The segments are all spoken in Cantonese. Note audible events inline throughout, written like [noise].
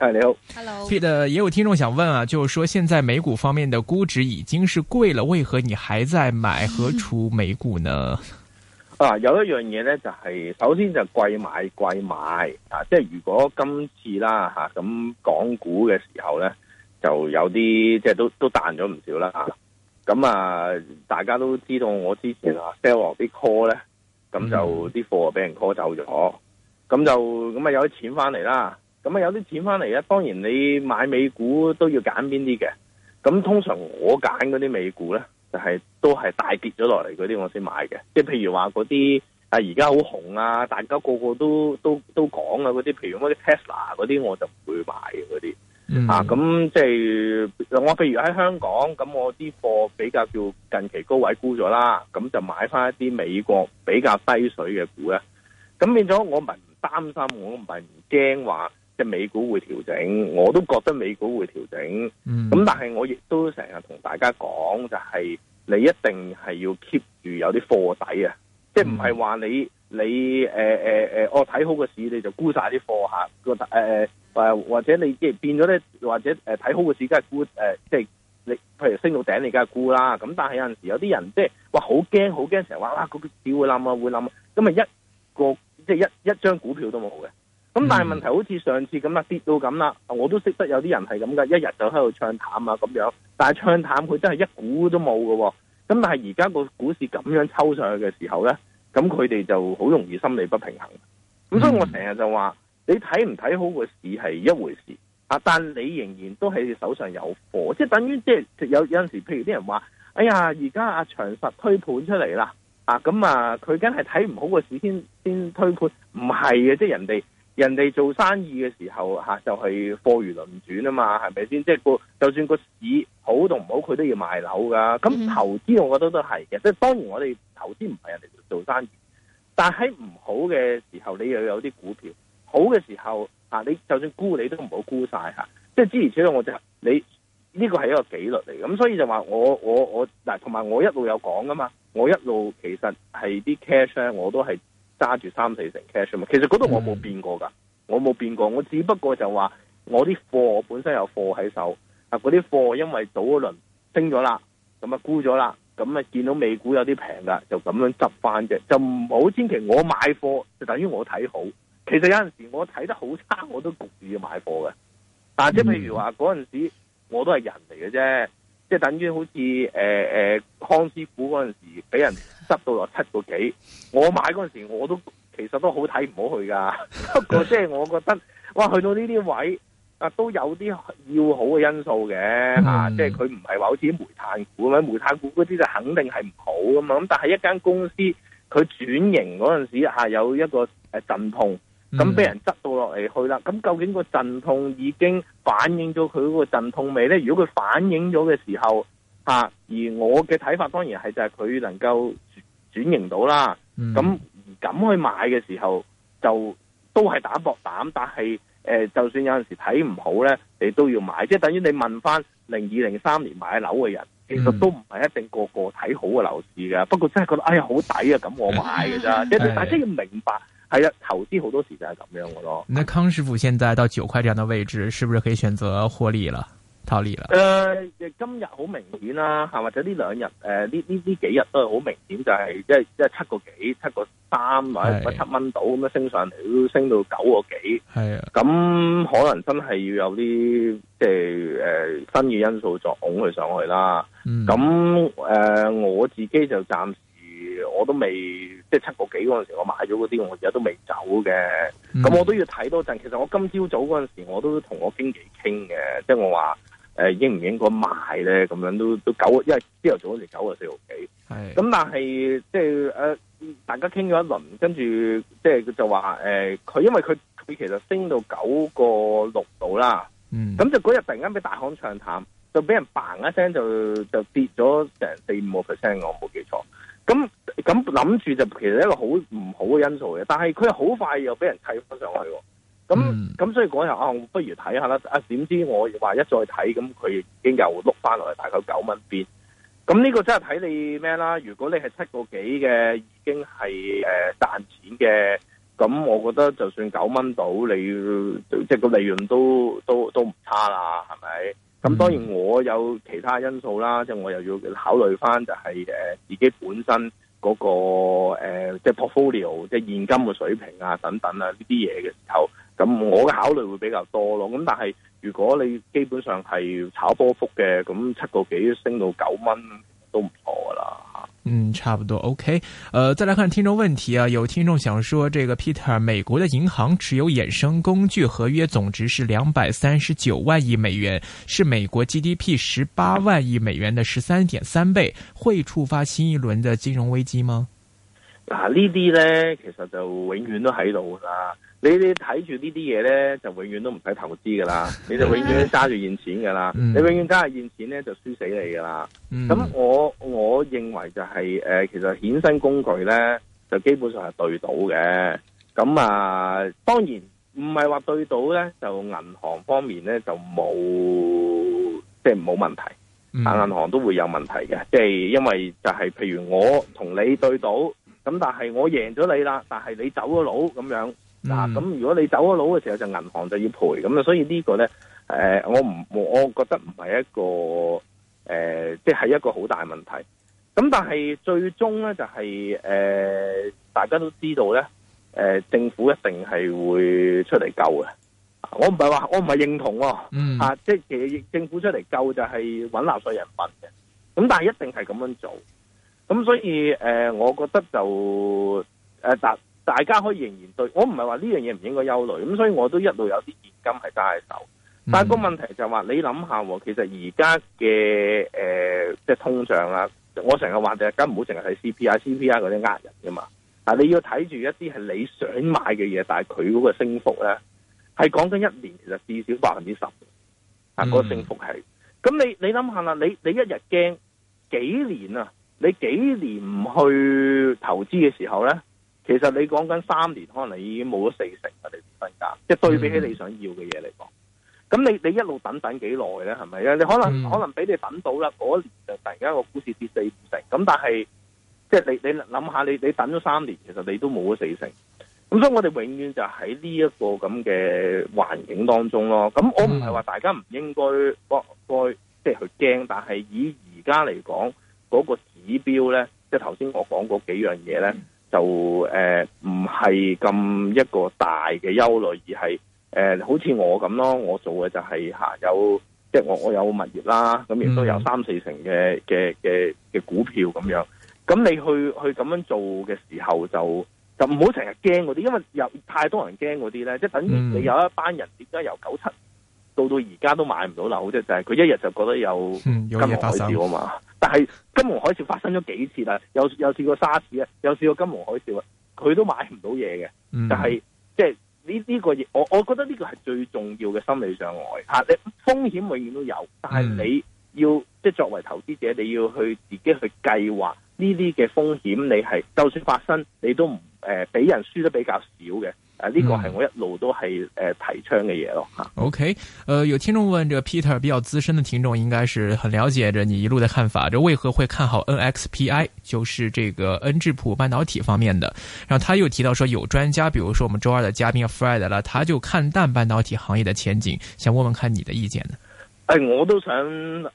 Hello，Peter，也有聽眾想問啊，就是說現在美股方面的估值已經是貴了，為何你還在買和出美股呢？嗯、啊，有一樣嘢咧、就是，就係首先就貴買貴買啊，即係如果今次啦吓咁港股嘅時候咧，就有啲即係都都彈咗唔少啦啊，咁啊大家都知道我之前啊 sell 落啲 call 咧，咁、嗯、就啲貨啊俾人 call 走咗，咁就咁啊有啲錢翻嚟啦。咁啊，有啲錢翻嚟啊！當然你買美股都要揀邊啲嘅。咁通常我揀嗰啲美股咧，就係都係大跌咗落嚟嗰啲我先買嘅。即係譬如話嗰啲啊，而家好紅啊，大家個個都都都講啊嗰啲，譬如嗰啲 Tesla 嗰啲，我就唔會買嘅嗰啲。嗯、啊，咁即係我譬如喺香港，咁我啲貨比較叫近期高位沽咗啦，咁就買翻一啲美國比較低水嘅股咧。咁變咗我唔係唔擔心，我唔係唔驚話。即係美股會調整，我都覺得美股會調整。咁、嗯、但係我亦都成日同大家講，就係你一定係要 keep 住有啲貨底啊！嗯、即係唔係話你你誒誒誒，我、呃、睇、呃哦、好個市你就沽晒啲貨客。個、呃、誒或者你即係變咗咧，或者誒睇好個市就，梗家沽誒，即係你譬如升到頂，你梗係沽啦。咁但係有陣時有啲人即係話好驚好驚，成日話啊個市會冧啊會冧咁，咪一個即係一一張股票都冇嘅。咁但係問題好似上次咁啦，跌到咁啦，我都識得有啲人係咁噶，一日就喺度唱淡啊咁樣。但係唱淡佢真係一股都冇嘅喎。咁但係而家個股市咁樣抽上去嘅時候咧，咁佢哋就好容易心理不平衡。咁所以我成日就話：你睇唔睇好個市係一回事啊，但你仍然都係手上有貨，即係等於即係有有陣時，譬如啲人話：哎呀，而家阿長實推盤出嚟啦啊，咁啊，佢梗係睇唔好個市先先推盤。唔係嘅，即係人哋。人哋做生意嘅時候吓、啊，就係、是、貨如輪轉啊嘛，係咪先？即、就、係、是、個就算個市好同唔好，佢都要賣樓噶。咁投資我覺得都係嘅，即、就、係、是、當然我哋投資唔係人哋做生意，但喺唔好嘅時候你又有啲股票，好嘅時候、啊、你就算沽你都唔好沽晒吓。即係之，前，且呢，我就你呢、這個係一個紀律嚟。咁所以就話我我我嗱，同埋我一路有講噶嘛，我一路其實係啲 cash 咧，我都係，揸住三四成 cash 嘛，其實嗰度我冇變過㗎，我冇變過，我只不過就話我啲貨本身有貨喺手，啊嗰啲貨因為早嗰輪升咗啦，咁啊沽咗啦，咁啊見到美股有啲平噶，就咁樣執翻啫，就唔好千祈我買貨就等於我睇好，其實有陣時我睇得好差我都焗住要買貨嘅，但係即係譬如話嗰陣時我都係人嚟嘅啫，即係等於好似誒誒康師傅嗰陣時俾人。執到落七個幾，我買嗰陣時我都其實都好睇唔好去噶，不過即係我覺得 [laughs] 哇，去到呢啲位啊都有啲要好嘅因素嘅嚇，啊 mm hmm. 即係佢唔係話好似煤炭股咁，煤炭股嗰啲就肯定係唔好噶嘛。咁但係一間公司佢轉型嗰陣時、啊、有一個誒陣痛，咁俾人執到落嚟去啦。咁、mm hmm. 究竟個陣痛已經反映咗佢嗰個陣痛未咧？如果佢反映咗嘅時候嚇、啊，而我嘅睇法當然係就係佢能夠。轉型到啦，咁咁去買嘅時候、嗯、就都係膽博膽，但係誒、呃，就算有陣時睇唔好咧，你都要買，即係等於你問翻零二零三年買樓嘅人，嗯、其實都唔係一定個個睇好嘅樓市嘅，不過真係覺得哎呀好抵啊，咁我買嘅啫， [laughs] 但大家要明白係呀， [laughs] 投資好多時就係咁樣嘅咯。那康師傅現在到九塊這樣的位置，是不是可以選擇獲利了？套、呃、今日好明顯啦、啊，吓或者呢兩日誒，呢呢呢幾日都係好明顯、就是，就係即係即係七個幾、七個三或者是七蚊到咁樣升上嚟，都升到九個幾。係啊。咁可能真係要有啲即係誒、呃、新嘅因素作擁佢上去啦。咁誒、嗯呃，我自己就暫時我都未，即係七個幾嗰陣時候我買咗嗰啲，我而家都未走嘅。咁、嗯、我都要睇多陣。其實我今朝早嗰陣時候我都同我經紀傾嘅，即係我話。誒應唔應該賣咧？咁樣都都九，因為朝頭早好似九啊四毫幾。咁是但係即係誒，大家傾咗一輪，跟住即係就話誒，佢、呃、因為佢佢其實升到九個六度啦。咁、嗯、就嗰日突然間俾大行唱淡，就俾人 bang 一聲就就跌咗成四五個 percent，我冇記錯。咁咁諗住就其實一個好唔好嘅因素嘅，但係佢好快又俾人砌翻上去喎。咁咁、嗯、所以嗰日啊，我不如睇下啦。啊，點知我話一再睇，咁佢已經又碌翻落嚟，大概九蚊邊。咁呢個真係睇你咩啦？如果你係七個幾嘅，已經係誒、呃、賺錢嘅。咁我覺得就算九蚊到，你即係個利潤都都都唔差啦，係咪？咁當然我有其他因素啦，即、就、係、是、我又要考慮翻就係、是、誒、呃、自己本身嗰、嗰個即係、呃就是、portfolio 即係現金嘅水平啊等等啊呢啲嘢嘅時候。咁我嘅考慮會比較多咯，咁但係如果你基本上係炒波幅嘅，咁七個幾升到九蚊都唔錯噶啦。嗯，差唔多 OK。誒、呃，再來看聽眾問題啊，有聽眾想說，這個 Peter，美國的銀行持有衍生工具合約總值是兩百三十九萬億美元，是美國 GDP 十八萬億美元的十三點三倍，會觸發新一輪的金融危機嗎？嗱、啊、呢啲咧，其實就永遠都喺度噶啦。你你睇住呢啲嘢咧，就永遠都唔使投資噶啦。你就永遠揸住現錢噶啦。嗯、你永遠揸住現錢咧，就輸死你噶啦。咁、嗯、我我認為就係、是、誒、呃，其實衍生工具咧，就基本上係對賭嘅。咁啊，當然唔係話對賭咧，就銀行方面咧就冇即係冇問題。啊、嗯，銀行都會有問題嘅，即、就、係、是、因為就係、是、譬如我同你對賭。咁但係我贏咗你啦，但係你走咗佬咁樣。嗱咁、嗯啊、如果你走咗佬嘅時候就銀行就要賠。咁啊，所以呢個咧，誒、呃、我唔我覺得唔係一個誒即係一個好大問題。咁但係最終咧就係、是、誒、呃、大家都知道咧，誒、呃、政府一定係會出嚟救嘅。我唔係話我唔係認同啊，嗯、啊即係、就是、其實政府出嚟救就係揾納稅人民嘅。咁但係一定係咁樣做。咁、嗯、所以，誒、呃，我覺得就誒，大、呃、大家可以仍然對我唔係話呢樣嘢唔應該憂慮。咁、嗯、所以我都一路有啲現金係揸喺手。但係個問題就係話，你諗下，其實而家嘅誒，即、呃、係通脹啊，我成日話大家唔好成日睇 CPI、CPI 嗰啲呃人㗎嘛。啊，你要睇住一啲係你想買嘅嘢，但係佢嗰個升幅咧，係講緊一年其實至少百分之十啊，嗰、嗰個、升幅係。咁、嗯、你你諗下啦，你想一你，你一日驚幾年啊？你幾年唔去投資嘅時候咧，其實你講緊三年，可能你已經冇咗四成嘅你身家，即係對比起你想要嘅嘢嚟講，咁、嗯、你你一路等等幾耐咧，係咪啊？你可能可能俾你等到啦，嗰年就突然間個股市跌四五成，咁但係即係你你諗下，你想想你，你等咗三年，其實你都冇咗四成，咁所以我哋永遠就喺呢一個咁嘅環境當中咯。咁我唔係話大家唔應該該即係去驚，但係以而家嚟講嗰個。指標咧，即係頭先我講嗰幾樣嘢咧，就誒唔係咁一個大嘅憂慮，而係誒、呃、好似我咁咯，我做嘅就係、是、吓、啊、有，即係我我有物業啦，咁亦都有三四成嘅嘅嘅嘅股票咁樣。咁你去去咁樣做嘅時候，就就唔好成日驚嗰啲，因為有太多人驚嗰啲咧，即係等於你有一班人點解由九七到到而家都買唔到樓，即就係、是、佢一日就覺得有金融海嘯啊嘛。嗯但係金融海嘯發生咗幾次啦，有又試過沙士啊，又試過金融海嘯啊，佢都買唔到嘢嘅。嗯、但係即係呢呢個我我覺得呢個係最重要嘅心理障礙吓。你風險永遠都有，但係你要即係、就是、作為投資者，你要去自己去計劃呢啲嘅風險，你係就算發生，你都唔誒俾人輸得比較少嘅。啊呢、這個係我一路都係誒提倡嘅嘢咯吓。OK，誒、呃、有聽眾問，這 Peter 比較資深的聽眾，應該是很了解着你一路的看法，這為何會看好 NXPI，就是這個恩智浦半導體方面的。然後他又提到說，有專家，比如說我們周二的嘉賓 Fred 啦，他就看淡半導體行業的前景，想問問看你的意見呢？誒，我都想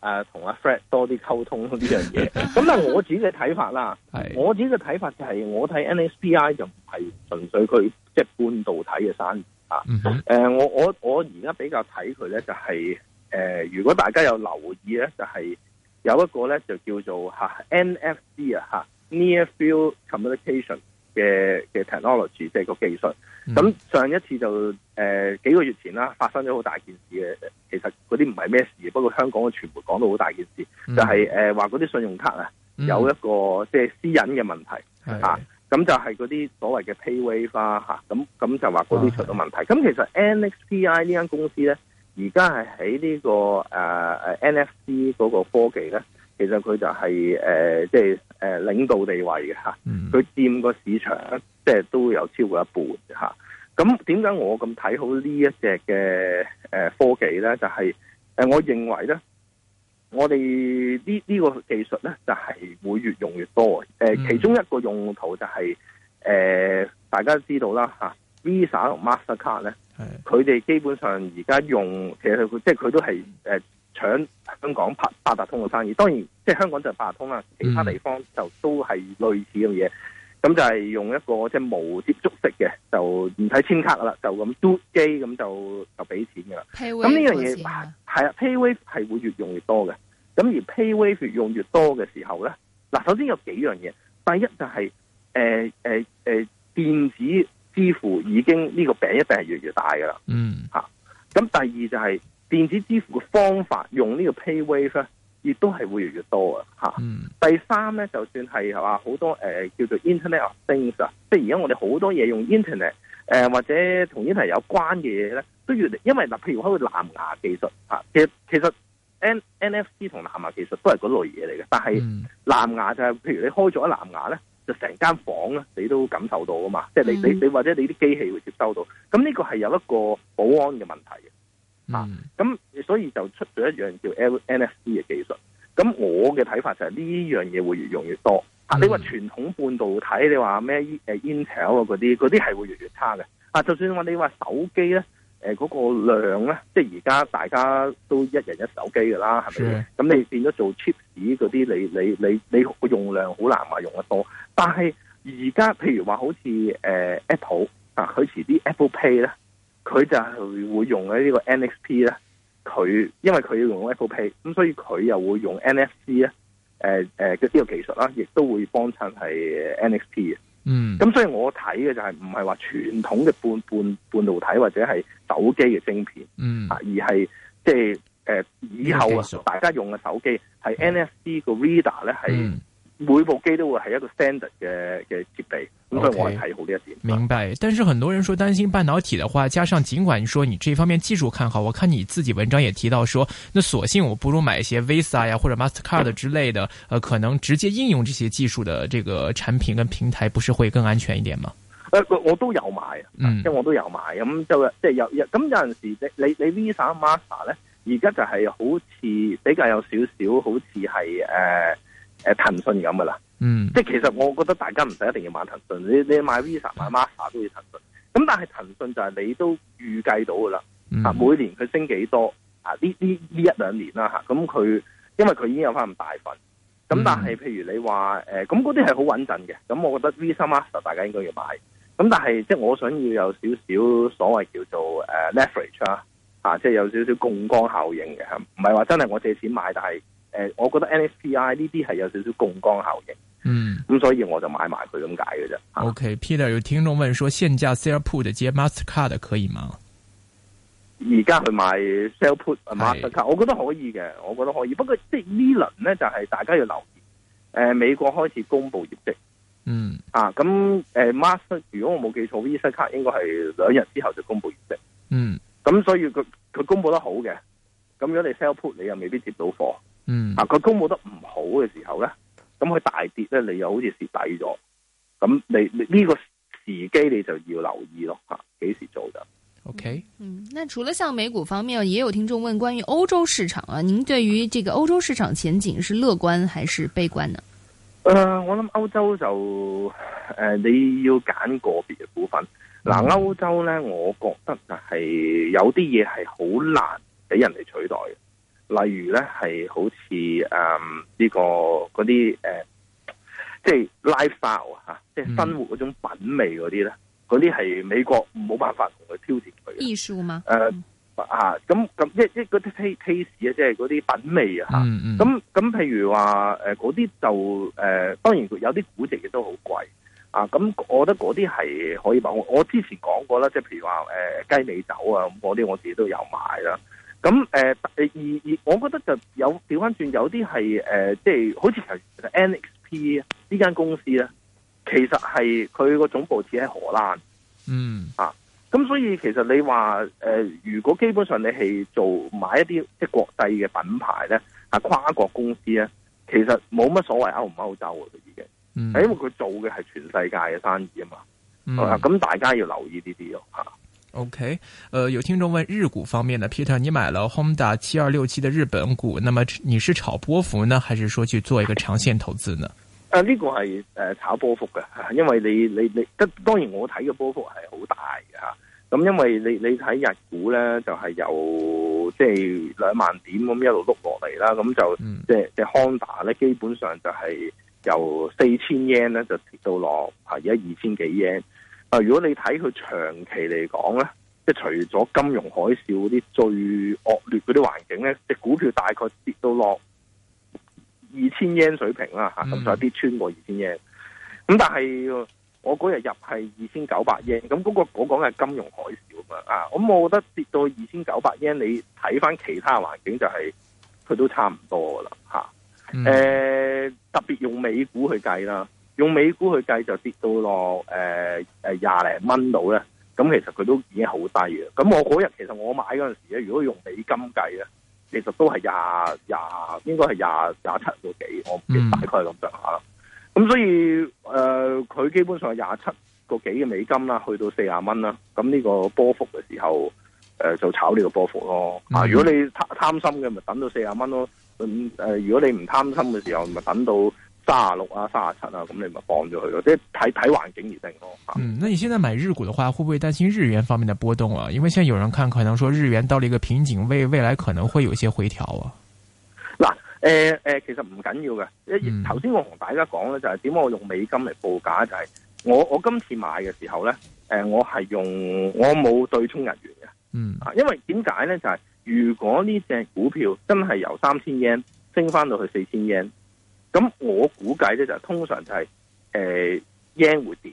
誒同阿 Fred 多啲溝通呢樣嘢。咁但係，我自己嘅睇法啦，係我自己嘅睇法就係，我睇 NSPI 就唔係純粹佢即係半導體嘅生意，嗯哼呃、我我我而家比較睇佢咧，就係誒，如果大家有留意咧，就係、是、有一個咧就叫做 NFC 啊 Near Field Communication 嘅嘅 technology，即係個技術。咁、嗯、上一次就誒、呃、幾個月前啦，發生咗好大件事嘅。其實嗰啲唔係咩事，不過香港嘅傳媒講到好大件事，嗯、就係誒話嗰啲信用卡啊、嗯、有一個即係私隱嘅問題吓。咁就係嗰啲所謂嘅 PayWave 吓，咁咁就話嗰啲出咗問題。咁其實 NXPI 呢間公司咧，而家係喺呢個誒誒、呃、NFC 嗰個科技咧，其實佢就係誒即係誒領導地位嘅吓，佢佔個市場。.即係都有超過一半嚇，咁點解我咁睇好呢一隻嘅誒科技咧？就係誒，我認為咧，我哋呢呢個技術咧，就係會越用越多嘅。嗯、其中一個用途就係、是、誒、呃，大家都知道啦嚇，Visa 同 Mastercard 咧，佢是哋的 基本上而家用其實佢即係佢都係誒搶香港八八達通嘅生意。當然，即係香港就係八達通啦，其他地方就都係類似咁嘢。嗯咁就係用一個即係無接觸式嘅，就唔睇簽卡噶啦，就咁嘟機咁就就俾錢噶啦。咁呢樣嘢係啊，PayWave 係會越用越多嘅。咁而 PayWave 越用越多嘅時候咧，嗱，首先有幾樣嘢。第一就係誒誒誒電子支付已經呢個餅一定係越嚟越大噶啦。嗯嚇。咁、啊、第二就係電子支付嘅方法用呢個 Pay 呢個 PayWave。亦都係會越嚟越多啊！嚇、嗯，第三咧，就算係話好多誒、呃、叫做 Internet of Things 啊、呃，即係而家我哋好多嘢用 Internet 誒或者同 Internet 有關嘅嘢咧，都要因為嗱，譬如開個藍牙技術啊，其實其實 N NFC 同藍牙技術都係嗰類嘢嚟嘅，但係藍牙就係、是嗯、譬如你開咗藍牙咧，就成間房咧你都感受到噶嘛，即係你你你或者你啲機器會接收到，咁呢個係有一個保安嘅問題嘅。啊，咁、嗯、所以就出咗一樣叫 NFC 嘅技術，咁我嘅睇法就係呢樣嘢會越用越多。啊，嗯、你話傳統半導體，你話咩誒 Intel 啊嗰啲，嗰啲係會越越差嘅。啊，就算話你話手機咧，誒、那、嗰個量咧，即係而家大家都一人一手機噶啦，係咪？咁是的 你變咗做 chip 嗰啲，你你你你個用量好難話用得多。但係而家譬如話好似誒 Apple 啊，佢遲啲 Apple Pay 咧。佢就係會用咧呢個 NXP 咧，佢因為佢要用 Apple Pay，咁所以佢又會用 NFC 咧、呃，誒誒嘅呢個技術啦，亦都會幫襯係 NXP 嘅。嗯，咁所以我睇嘅就係唔係話傳統嘅半半半導體或者係手機嘅芯片，嗯，啊而係即係誒以後大家用嘅手機係 NFC 個 reader 咧係、嗯。嗯每部機都會係一個 standard 嘅嘅設備，咁所以我係睇好呢一點。Okay, 明白，但是很多人說擔心半導體的話，加上儘管說你這方面技術看好，我看你自己文章也提到說，那索性我不如買一些 Visa 呀、啊、或者 Mastercard 之類的，嗯、呃，可能直接應用這些技術的這個產品跟平台，不是會更安全一點嗎？誒、呃，我都，嗯、我都有買，嗯，即係我都有買，咁就即係有有，咁有陣時你你你 Visa、Master 咧，而家就係好似比較有少少，好似係誒。誒騰訊咁噶啦，嗯，即係其實我覺得大家唔使一定要買騰訊，你你買 Visa 買 Master 都要騰訊。咁但係騰訊就係你都預計到噶啦、嗯，啊，每年佢升幾多啊？呢呢呢一兩年啦嚇，咁、啊、佢因為佢已經有翻咁大份，咁但係譬如你話誒，咁嗰啲係好穩陣嘅，咁我覺得 Visa、Master 大家應該要買。咁但係即係我想要有少少所謂叫做誒、uh, leverage 啊，啊，即係有少少槓桿效應嘅，唔係話真係我借錢買，但係。誒、呃，我覺得 NSPI 呢啲係有少少槓桿效應，嗯，咁、嗯、所以我就買埋佢咁解嘅啫。啊、OK，Peter、okay, 有聽眾問說，現價 Sell Put 接 Master Card 可以嗎？而家去買 Sell Put Master Card，是我覺得可以嘅，我覺得可以。不過即係呢輪咧，就係、是、大家要留意，誒、呃，美國開始公佈業績，嗯，啊，咁誒、呃、，Master 如果我冇記錯，Visa 卡應該係兩日之後就公布業績，嗯，咁、嗯嗯、所以佢佢公佈得好嘅，咁如果你 Sell Put 你又未必接到貨。嗯，啊，佢公務得唔好嘅時候咧，咁佢大跌咧，你又好似蝕底咗，咁你你呢、這個時機你就要留意咯，吓、啊，幾時做嘅？OK，嗯，那除了像美股方面，也有聽眾問關於歐洲市場啊，您對於這個歐洲市場前景是樂觀還是悲觀呢？誒、嗯呃，我諗歐洲就誒、呃、你要揀個別嘅股份，嗱、呃，歐、嗯、洲咧，我覺得就係有啲嘢係好難俾人哋取代嘅。例如咧，係好似誒呢個嗰啲誒，即係 lifestyle 嚇，即係生活嗰種品味嗰啲咧，嗰啲係美國冇辦法同佢挑戰佢。藝術嘛？誒、嗯呃、啊！咁咁一一嗰啲 taste 啊，即係嗰啲品味啊。咁咁，譬如話誒嗰啲就誒、啊，當然有啲估值亦都好貴啊。咁我覺得嗰啲係可以買。我之前講過啦，即係譬如話誒、啊、雞尾酒啊，咁嗰啲我自己都有買啦。咁誒誒，而而我覺得就有調翻轉，有啲係即係好似其實 NXP 呢間公司咧，其實係佢個總部設喺荷蘭。嗯啊，咁所以其實你話誒、呃，如果基本上你係做買一啲即係國際嘅品牌咧，係、啊、跨國公司咧，其實冇乜所謂歐唔歐洲嘅佢已經，係、嗯、因為佢做嘅係全世界嘅生意、嗯、啊嘛，咁大家要留意呢啲咯吓。OK，誒、呃，有聽眾問日股方面呢 Peter，你買咗 Honda 七二六七嘅日本股，那麼你是炒波幅呢，還是說去做一個長線投資呢？誒、啊，呢、這個係誒、呃、炒波幅嘅，因為你你你，當然我睇嘅波幅係好大嘅吓，咁、嗯、因為你你睇日股咧，就係、是、由即係兩萬點咁一路碌落嚟啦，咁就、嗯、即係即係 Honda 咧，基本上就係由四千 yen 咧就跌到落係而家二千幾 yen。啊！如果你睇佢長期嚟講咧，即係除咗金融海嘯嗰啲最惡劣嗰啲環境咧，隻股票大概跌到落二千日圓水平啦，嚇、嗯，咁就跌穿過二千日圓。咁但係我嗰日入係二千九百日圓。咁嗰個我講係金融海嘯嘛，啊，咁我覺得跌到二千九百日圓，你睇翻其他環境就係、是、佢都差唔多噶啦，嚇、啊。誒、嗯，特別用美股去計啦。用美股去計就跌到落誒誒廿零蚊度咧，咁、呃、其實佢都已經好低嘅。咁我嗰日其實我買嗰陣時咧，如果用美金計咧，其實都係廿廿應該係廿廿七個幾，我唔記得、嗯、大概咁上下啦。咁所以誒，佢、呃、基本上係廿七個幾嘅美金啦，去到四廿蚊啦。咁呢個波幅嘅時候，誒、呃、就炒呢個波幅咯。啊、嗯呃，如果你貪貪心嘅，咪等到四廿蚊咯。咁如果你唔貪心嘅時候，咪等到。三十六啊，三十七啊，咁你咪放咗佢咯，即係睇睇環境而定咯。嗯，那你現在買日股嘅話，會唔會擔心日元方面嘅波動啊？因為現在有人看，可能說日元到了一個瓶頸位，未來可能會有些回調啊。嗱，誒、呃、誒、呃，其實唔緊要嘅。頭先我同大家講咧，就係點解我用美金嚟報價就，就係我我今次買嘅時候咧，誒、呃，我係用我冇對沖日元嘅，嗯，啊，因為點解咧？就係、是、如果呢隻股票真係由三千日圓升翻到去四千日圓咁我估計咧就通常就係誒 yen 會跌，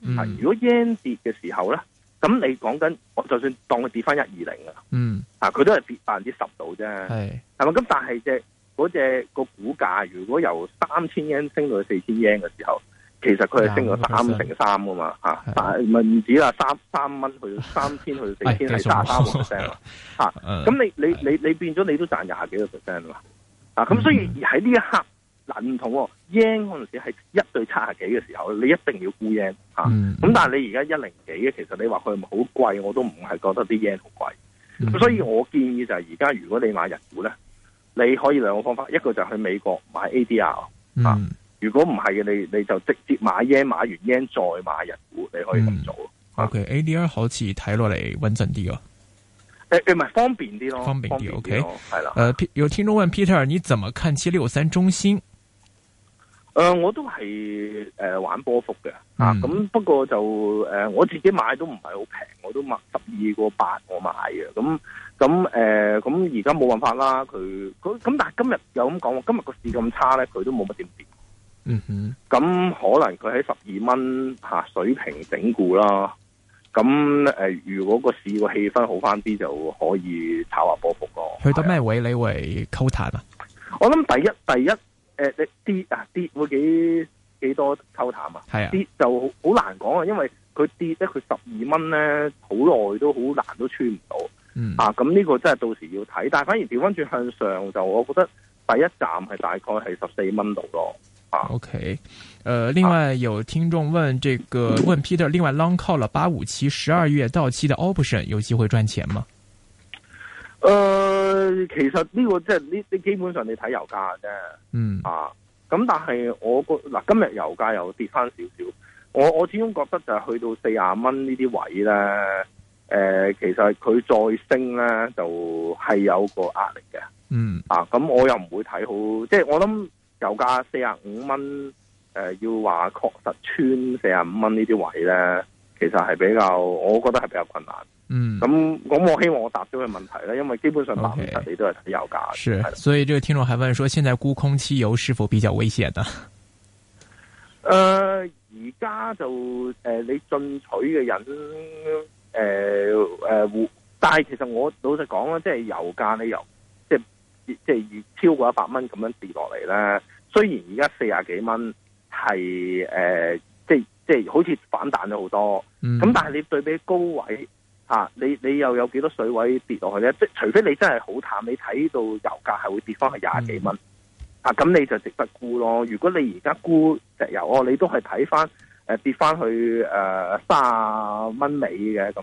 嗯、如果 yen 跌嘅時候咧，咁你講緊我就算當佢跌翻一二零啊，嗯，啊佢都係跌百分之十度啫，係係嘛是？咁但係隻嗰隻個股價，如果由三千 yen 升到去四千 yen 嘅時候，其實佢係升咗三成三啊嘛，吓！但係唔係唔止啦，三三蚊去到三千去到四千係卅三個 percent，吓！咁你你你你變咗你都賺廿幾個 percent 啊嘛，啊！咁是、啊啊、所以喺呢一刻。嗱唔同喎，yen 嗰陣時係一對七十幾嘅時候，你一定要估 yen 嚇。咁、啊嗯、但係你而家一零幾嘅，其實你話佢唔好貴，我都唔係覺得啲 yen 好貴。咁、嗯、所以我建議就係而家如果你買日股咧，你可以兩個方法，一個就係去美國買 ADR 啊。嗯、如果唔係嘅，你你就直接買 yen，買完 yen 再買日股，你可以咁做。嗯啊、OK，ADR 好似睇落嚟穩陣啲嘅。誒誒、哎，唔係方便啲咯，方便啲。O K，係啦。誒，有聽眾問 Peter，你怎麼看七六三中心？誒、呃，我都係誒、呃、玩波幅嘅，嗯、啊，咁不過就誒、呃、我自己買都唔係好平，我都買十二個八我買嘅，咁咁誒，咁而家冇辦法啦，佢咁但係今日又咁講，今日個市咁差咧，佢都冇乜點跌，嗯哼，咁可能佢喺十二蚊吓水平整固啦，咁誒、呃、如果個市個氣氛好返啲就可以炒下波幅咯。去到咩位你會溝淡啊？我諗第一第一。第一誒，你、呃、跌啊，跌會幾幾多溝淡啊？係啊，跌就好難講啊，因為佢跌得佢十二蚊咧，好耐都好難都穿唔到。嗯，啊，咁、這、呢個真係到時要睇，但係反而調返轉向上就，我覺得第一站係大概係十四蚊度咯。啊，OK，誒、呃、另外有聽眾問這個問 Peter，另外 Long Call 了八五期十二月到期的 Option 有機會賺錢嗎？誒、呃，其實呢、這個即係呢，呢基本上你睇油價啫。嗯啊，咁但係我個嗱今日油價又跌翻少少，我我始終覺得就係去到四十蚊呢啲位咧，誒、呃，其實佢再升咧就係、是、有個壓力嘅。嗯啊，咁我又唔會睇好，即係我諗油價四十五蚊，誒、呃，要話確實穿四十五蚊呢啲位咧，其實係比較，我覺得係比較困難。嗯，咁咁我希望我答咗佢問題啦，因為基本上八成你都係睇油價。Okay, 是的，所以呢個聽眾還問說，現在沽空汽油是否比較危險呢？誒、呃，而家就誒、呃，你進取嘅人，誒、呃、誒、呃，但係其實我老實講啦、就是，即係油價咧又即係即係越超過一百蚊咁樣跌落嚟咧。雖然而家四十幾蚊係誒，即即係好似反彈咗好多，咁、嗯、但係你對比高位。啊！你你又有幾多水位跌落去咧？即係除非你真係好淡，你睇到油價係會跌翻去廿幾蚊、嗯、啊！咁你就值得沽咯。如果你而家沽石油，哦、啊，你都係睇翻誒跌翻去誒卅蚊尾嘅，咁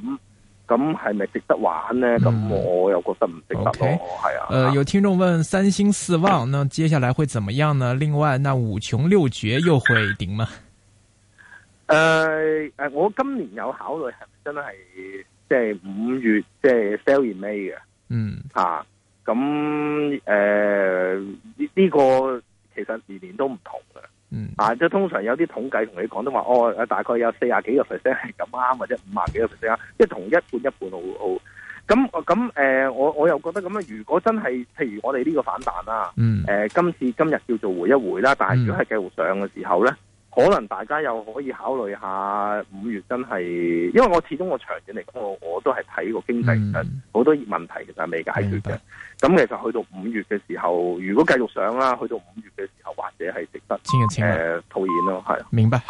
咁係咪值得玩咧？咁、嗯、我又覺得唔值得咯。係 okay, 啊。誒、呃，有聽眾問三星四望，那接下來會怎麼樣呢？另外，那五窮六絕又會點呢？誒誒、呃，我今年有考慮係咪真係？即係五月，即係 sell in May 嘅，嗯，咁誒呢個其實年年都唔同嘅，嗯，啊，即係通常有啲統計同你講都話，哦，大概有四十幾個 percent 係咁啱或者五十幾個 percent，即係同一半一半好好，咁咁、呃、我我又覺得咁樣，如果真係譬如我哋呢個反彈啦，嗯、呃，今次今日叫做回一回啦，但係如果係繼續上嘅時候咧？嗯呢可能大家又可以考慮下五月真係，因為我始終我長遠嚟講，我我都係睇個經濟，其實好多問題其實未解決嘅。咁、嗯、其實去到五月嘅時候，如果繼續上啦，去到五月嘅時候或者係值得誒、呃、套現咯，係明白。